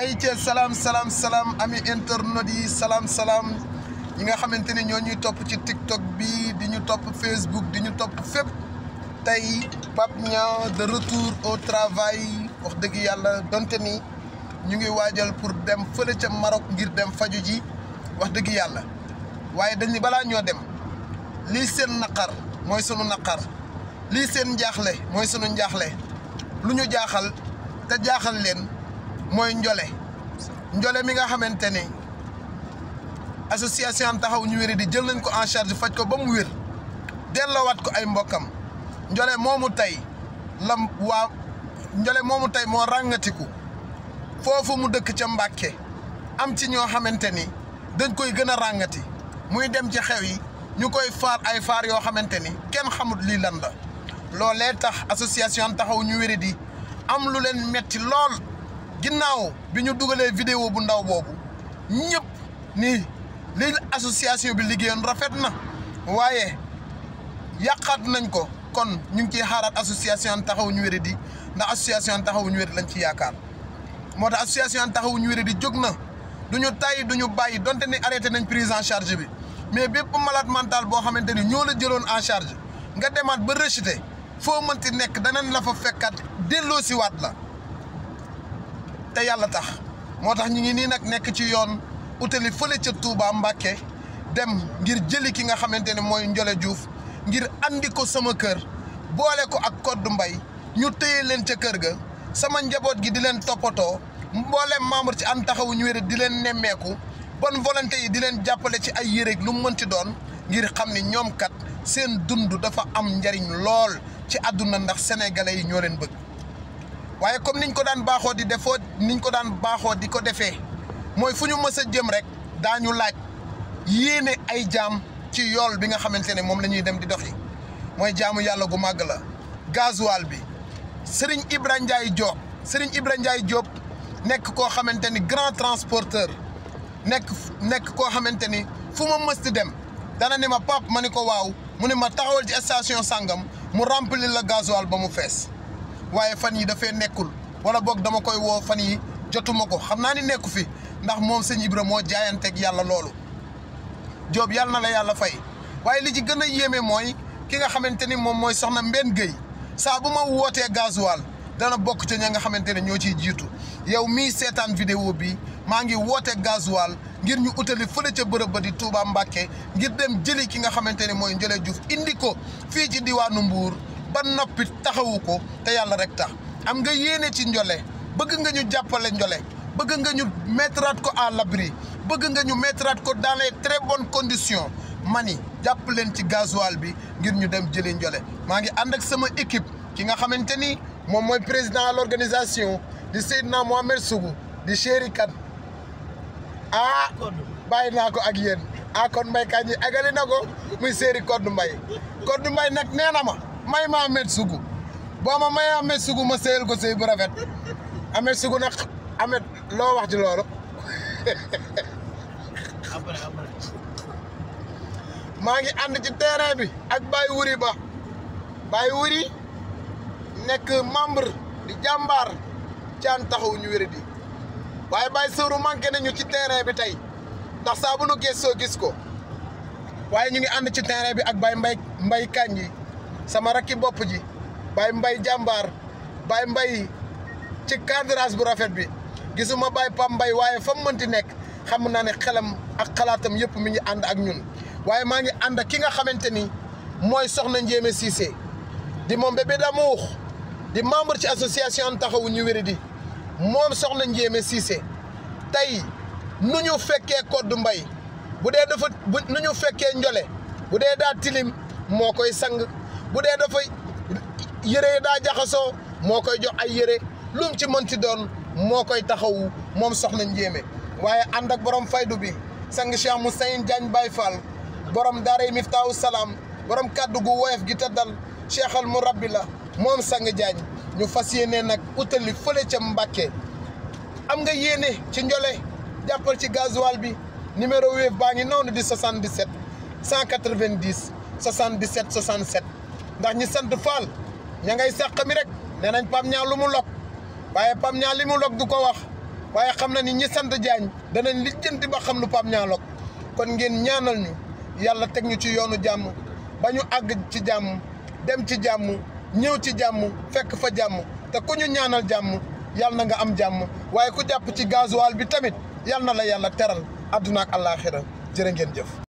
ay ca salaam salaam salaam ami internautes yi salaam salaam ñi nga xamante ni ñoo ñuy topp ci TikTok bi di ñu topp Facebook di ñu topp fépp tey Pape Niang de retour au travail wax dëgg yàlla donte ni ñu ngi waajal pour dem fële ca Maroc ngir dem faju ji wax dëgg yàlla waaye dañ balaa ñoo dem lii seen naqar mooy sunu naqar lii seen njaaxle mooy sunu njaaxle lu ñu jaaxal te jaaxal leen mooy njole njole mi nga xamante ni association taxaw ñu wéri di jël nañ ko en charge faj ko ba mu wér delloowaat ko ay mbokkam njole moomu tey la waa njole moomu tey moo ràngatiku foofu mu dëkk ca Mbàkke am ci ñoo xamante ni dañ koy gën a ràngati muy dem ci xew yi ñu koy faar ay faar yoo xamante ni kenn xamut lii lan la loolee tax association taxaw ñu wéri di am lu leen metti lool ginnaaw bi ñu dugalee vidéo bu ndaw boobu ñëpp nii li association bi liggéeyoon rafet na waaye yàqaat nañ ko kon ñu ngi ciy xaaraat association taxawu ñu wéri di ndax association taxawu ñu wéri lañ ci yaakaar moo tax association taxawu ñu di jóg na du ñu tàyyi du ñu bàyyi donte ni arrêté nañ prise en charge bi mais bépp malade mental boo xamante ni ñoo la jëloon en charge nga demaat ba rejeté foo mënti nekk danañ la fa fekkaat delloo siwaat la te yàlla tax moo tax ñu ngi nii nag nekk ci yoon utali fële ca Touba Mbacké dem ngir jëli ki nga xamante ne mooy njole Diouf ngir andi ko sama kër boole ko ak kodd mbay ñu téye leen ca kër ga sama njaboot gi di leen toppatoo mbooleem membre ci Ande Taxawu ñu Wéradi di leen nemmeeku bonne volonté yi di leen jàppale ci ay yéreeg lu mu mënti doon ngir xam ni ñoom kat seen dund dafa am njariñ lool ci àdduna ndax sénégalais yi ñoo leen bëgg. waaye comme niñ ko daan baaxoo di defoo niñ ko daan baaxoo di ko defee mooy fu ñu mës a jëm rek daañu laaj yéene ay jaam ci yool bi nga xamante ne moom la ñuy dem di doxi mooy jaamu yàlla gu màgg la gasoil bi sëriñ Ibra Ndiaye Diop Serigne Ibra Ndiaye Diop nekk koo xamante ni grand transporteur nekk nekk koo xamante ni fu ma mëst dem dana ne ma pap ma ne ko waaw mu ne ma taxawal ci station sàngam mu remplir la gasoil ba mu fees waaye fan yi dafee nekkul wala boog dama koy woo fan yi jotuma ko xam naa ni nekku fi ndax moom sëñ Ibra moo jaayanteeg yàlla loolu Joob yàlla na la yàlla fay waaye li ci gën a yéeme mooy ki nga xamante ni moom mooy soxna Mbène Gueye saa bu ma wootee gasoil dana bokk ca ña nga xamante ne ñoo ciy jiitu yow mii seetaan vidéo bi maa ngi woote gasoil ngir ñu utali fële ca bërëb ba di Touba Mbacke ngir dem jëli ki nga xamante ne mooy Ndiolé Diouf indi ko fii ci diwaanu ba noppi taxawu ko te yàlla rek tax am nga yéene ci Ndiolé bëgg nga ñu jàppale Ndiolé bëgg nga ñu mettraat ko à l'abri bëgg nga ñu mettraat ko dans les très bonnes conditions mani jàpp leen ci gasoil bi ngir ñu dem jëli njole maa ngi ànd ak sama équipe ki nga xamante ni moom mooy président à l'organisation di Seydina Mohamed Sougou di Chéri kan ah bàyyi naa ko ak yéen ah kon Mbaye Kandji agali na ko muy Chéri Codou Mbaye Codou Mbaye nag nee na ma may ma Ahmed Sougou boo ma mayee Ahmed Sougou ma sëyal ko bu rafet Ahmed Sougou nag Ahmed loo wax ci loolu maa ngi ànd ci terrain bi ak bay Wuri Ba Baye Wuri nekk membre di jàmbaar caan taxaw ñu wéri di waaye Baye Sëru manqué nañu ci terrain bi tey ndax saa bu nu gëstoo gis ko waaye ñu ngi ànd ci terrain bi ak bay Mbay Mbay Kañ sama rakki bopp ji Baye Mbaye jàmbaar Baye Mbaye ci cadrage bu rafet bi gisuma Baye Pam Mbaye waaye fa mu mënti nekk xam naa ne xelam ak xalaatam yëpp mi ngi ànd ak ñun waaye maa ngi ànd ak ki nga xamante ni mooy Soxna Ndiémé Cissé di moom bébé d'amour di membre ci association taxawu ñu wéradi moom Soxna Ndiémé Cissé tey nu ñu fekkee koddu mbay bu dee dafa nu ñu fekkee njole bu dee daa tilim moo koy sang bu dee dafa yére daa jaxasoo moo koy jox ay yére lu mu ci mënti doon moo koy taxawu moom soxna njéeme waaye ànd ak borom faydu bi sang Cheikh Moussaïn Diagne Baye Fall borom daaray Miftaahu Salaam borom kàddu gu woyof gi tëddal Cheikh al Murabbi la moom sang Diagne ñu fas yéene nag utali fële ca Mbàkke am nga yéene ci njole jàppal ci gasoil bi numéro Wave baa ngi noonu di 77 190 77 67 ndax ñi sant fall ña ngay sàq mi rek pam ñaa lu mu lok waye pam ñaa li mu lok du ko wax waye xam na ni ñi sant jaañ danañ lijjanti ba xam lu pam ñaa lok kon ngeen ñaanal ñu yalla tek ñu ci yoonu jamm bañu ag ci jamm dem ci jamm ñew ci jamm fekk fa jamm te ku ñu ñaanal jamm yalla na nga am jamm waye ku japp ci gasoil bi tamit yalla na la yalla teral aduna ak alakhirah jere ngeen jëf